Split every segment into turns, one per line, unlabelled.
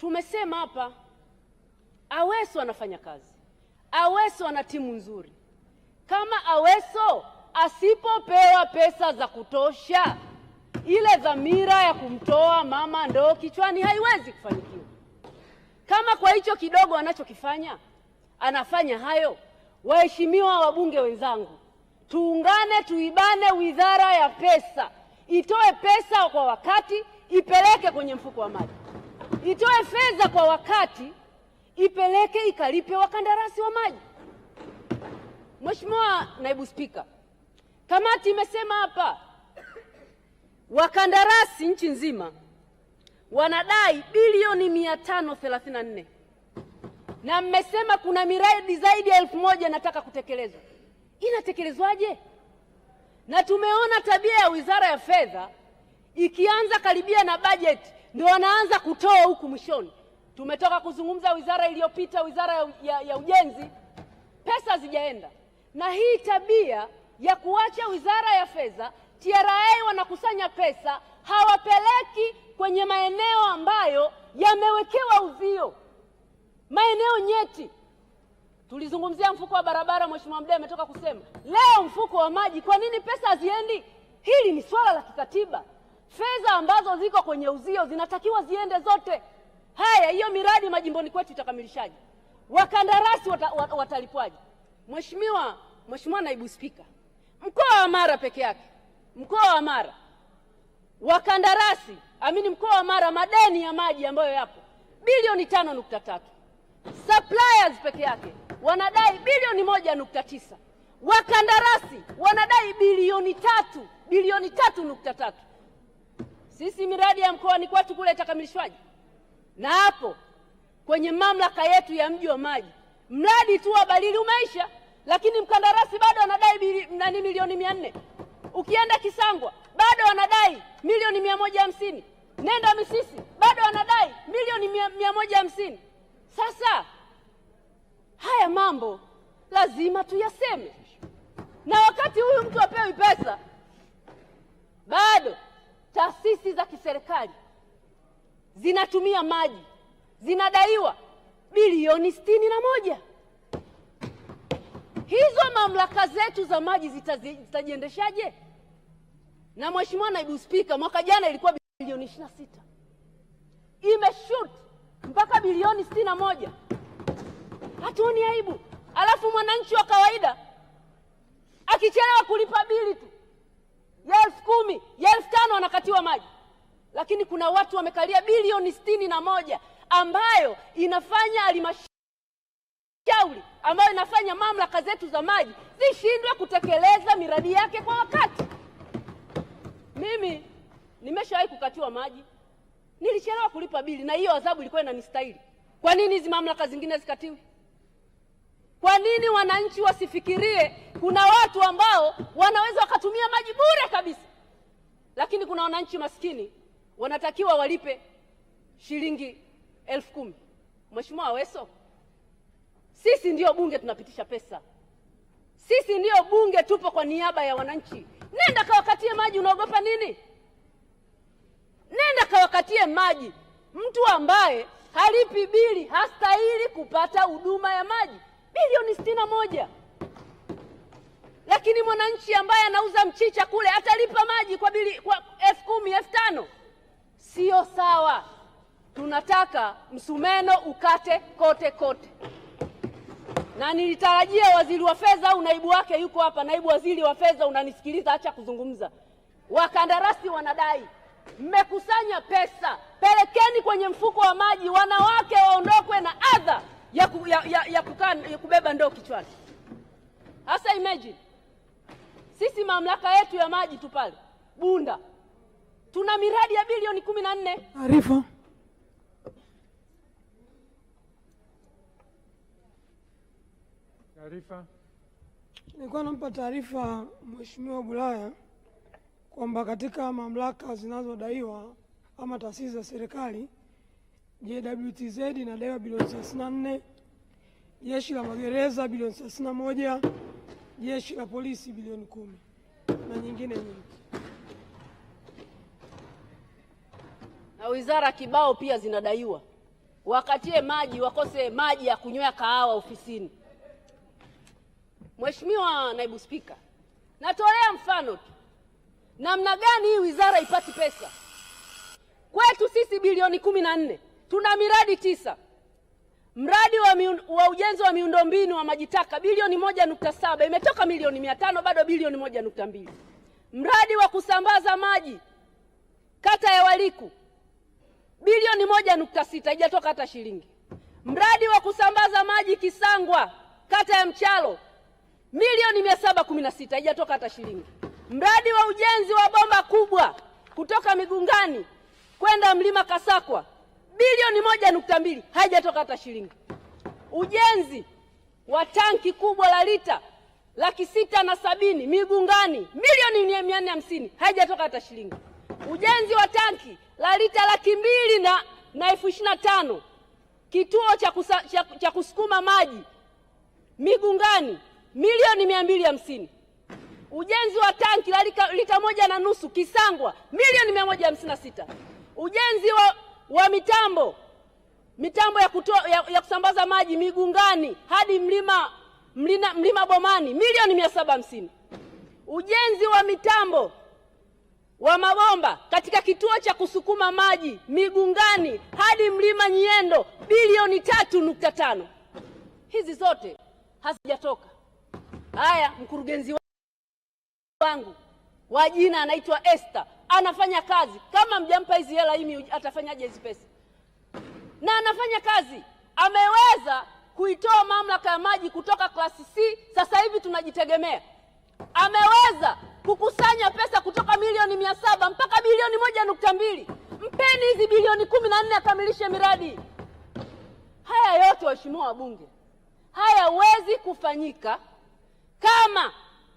Tumesema hapa Aweso anafanya kazi, Aweso ana timu nzuri. Kama Aweso asipopewa pesa za kutosha, ile dhamira ya kumtoa mama ndoo kichwani haiwezi kufanikiwa. Kama kwa hicho kidogo anachokifanya anafanya hayo, waheshimiwa wabunge wenzangu, tuungane, tuibane wizara ya pesa, itoe pesa kwa wakati, ipeleke kwenye mfuko wa maji itoe fedha kwa wakati, ipeleke ikalipe wakandarasi wa maji. Mheshimiwa Naibu Spika, kamati imesema hapa wakandarasi nchi nzima wanadai bilioni 534 na mmesema kuna miradi zaidi ya elfu moja nataka kutekelezwa. Inatekelezwaje? Na tumeona tabia ya Wizara ya Fedha ikianza karibia na bajeti ndio wanaanza kutoa huku mwishoni. Tumetoka kuzungumza wizara iliyopita, wizara ya, ya, ya ujenzi, pesa zijaenda. na hii tabia ya kuacha wizara ya fedha TRA wanakusanya pesa hawapeleki kwenye maeneo ambayo yamewekewa uzio, maeneo nyeti. Tulizungumzia mfuko wa barabara, Mheshimiwa Mdee ametoka kusema leo, mfuko wa maji, kwa nini pesa haziendi? Hili ni swala la kikatiba. Fedha ambazo ziko kwenye uzio zinatakiwa ziende zote. Haya, hiyo miradi majimboni kwetu itakamilishaje? Wakandarasi wat, wat, watalipwaje? Mheshimiwa, Mheshimiwa Naibu Spika, mkoa wa Mara peke yake, mkoa wa Mara wakandarasi amini, mkoa wa Mara madeni ya maji ambayo yapo bilioni tano nukta tatu suppliers peke yake wanadai bilioni moja nukta tisa wakandarasi wanadai bilioni tatu bilioni tatu nukta tatu sisi miradi ya mkoani kwetu kule itakamilishwaje? Na hapo kwenye mamlaka yetu ya mji wa maji, mradi tu wa Balili umeisha, lakini mkandarasi bado anadai nani milioni mia nne. Ukienda Kisangwa bado anadai milioni mia moja hamsini. Nenda Misisi bado anadai milioni mia, mia moja hamsini. Sasa haya mambo lazima tuyaseme, na wakati huyu mtu apewi pesa bado taasisi za kiserikali zinatumia maji, zinadaiwa bilioni sitini na moja. Hizo mamlaka zetu za maji zitajiendeshaje? Na Mheshimiwa Naibu Spika, mwaka jana ilikuwa bilioni ishirini na sita imeshut mpaka bilioni sitini na moja. Hatuoni aibu? Alafu mwananchi wa kawaida akichelewa kulipa bili tu ya elfu kumi ya elfu tano wanakatiwa maji, lakini kuna watu wamekalia bilioni sitini na moja ambayo inafanya halmashauri ambayo inafanya mamlaka zetu za maji zishindwe kutekeleza miradi yake kwa wakati. Mimi nimeshawahi kukatiwa maji, nilichelewa kulipa bili na hiyo adhabu ilikuwa inanistahili. Kwa nini hizi mamlaka zingine zikatiwi? Kwa nini wananchi wasifikirie kuna watu ambao wanaweza wakatumia maji bure kabisa, lakini kuna wananchi maskini wanatakiwa walipe shilingi elfu kumi? Mheshimiwa Aweso, sisi ndiyo bunge tunapitisha pesa, sisi ndiyo bunge tupo kwa niaba ya wananchi. Nenda kawakatie maji, unaogopa nini? Nenda kawakatie maji. Mtu ambaye halipi bili hastahili kupata huduma ya maji bilioni sitini na moja lakini mwananchi ambaye anauza mchicha kule atalipa maji kwa bili, kwa elfu kumi elfu tano Sio sawa. Tunataka msumeno ukate kote kote, na nilitarajia waziri wa fedha au naibu wake yuko hapa. Naibu waziri wa fedha, unanisikiliza? Acha kuzungumza. Wakandarasi wanadai, mmekusanya pesa, pelekeni kwenye mfuko wa maji, wanawake waondokwe na adha ya, ku, ya, ya, ya, kukaa, ya kubeba ndoo kichwani. Hasa imagine sisi mamlaka yetu ya maji tu pale Bunda tuna miradi ya bilioni kumi na nne.
Taarifa. Taarifa. Nilikuwa nampa taarifa Mheshimiwa Bulaya kwamba katika mamlaka zinazodaiwa ama taasisi za serikali JWTZ inadaiwa bilioni 34, jeshi la magereza bilioni 31, jeshi la polisi bilioni kumi na nyingine nyingi,
na wizara kibao pia zinadaiwa. Wakatie maji, wakose maji ya kunywea kahawa ofisini. Mheshimiwa Naibu Spika, natolea mfano tu namna gani hii wizara ipati pesa. Kwetu sisi bilioni kumi na nne Tuna miradi tisa. Mradi wa, miun, wa ujenzi wa miundombinu wa taka bilioni moja nukta saba imetoka milioni mia tano bado bilioni moja nukta mbili Mradi wa kusambaza maji kata ya Waliku bilioni moja nukta sita haijatoka hata shilingi. Mradi wa kusambaza maji Kisangwa kata ya Mchalo milioni mia saba kumi na sita haijatoka hata shilingi. Mradi wa ujenzi wa bomba kubwa kutoka Migungani kwenda Mlima Kasakwa bilioni moja nukta mbili haijatoka hata shilingi. Ujenzi wa tanki kubwa la lita laki sita na sabini Migungani, milioni mia nne hamsini haijatoka hata shilingi. Ujenzi wa tanki la lita laki mbili na, na elfu ishirini na tano kituo cha, kusa, cha, cha kusukuma maji Migungani, milioni mia mbili hamsini ujenzi wa tanki la lita moja na nusu Kisangwa, milioni mia moja hamsini na sita ujenzi wa wa mitambo mitambo ya, kuto, ya, ya kusambaza maji Migungani hadi mlima, mlina, mlima Bomani milioni mia saba hamsini. Ujenzi wa mitambo wa mabomba katika kituo cha kusukuma maji Migungani hadi mlima Nyiendo bilioni tatu nukta tano. Hizi zote hazijatoka. Haya, mkurugenzi wangu wa jina anaitwa Esther anafanya kazi. Kama mjampa hizi hela, hii atafanyaje hizi pesa? Na anafanya kazi, ameweza kuitoa mamlaka ya maji kutoka klasi C, sasa hivi tunajitegemea. Ameweza kukusanya pesa kutoka milioni mia saba mpaka bilioni moja nukta mbili. Mpeni hizi bilioni kumi na nne akamilishe miradi. Haya yote waheshimiwa wabunge, haya huwezi kufanyika kama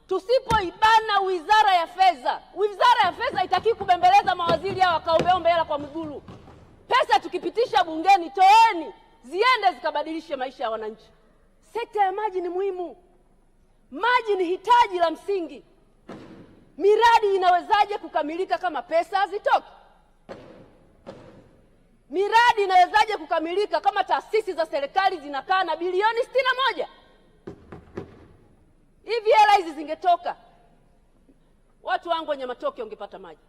Tusipoibana wizara ya fedha, wizara ya fedha itakii kubembeleza mawaziri hao wakaombeombe hela kwa mguru. Pesa tukipitisha bungeni, toeni ziende zikabadilishe maisha ya wananchi. Sekta ya maji ni muhimu, maji ni hitaji la msingi. Miradi inawezaje kukamilika kama pesa hazitoki? Miradi inawezaje kukamilika kama taasisi za serikali zinakaa na bilioni sitini na moja? zingetoka, watu wangu wenye matoke wangepata maji,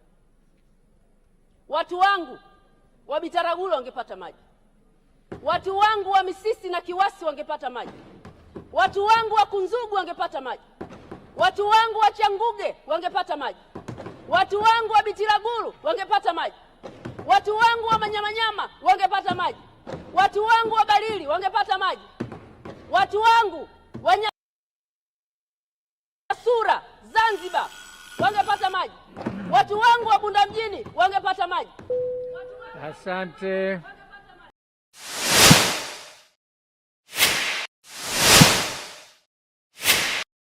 watu wangu wa Bitaragulo wangepata maji, watu wangu wa Misisi na Kiwasi wangepata maji, watu wangu wa Kunzugu wangepata maji, watu wangu wa Changuge wangepata maji, watu wangu wa Bitiragulu wangepata maji, watu wangu wa Manyamanyama wangepata maji, watu wangu wa Balili wangepata maji, watu wangu wa wangepata maji, watu wangu wa Bunda mjini wangepata maji. Asante.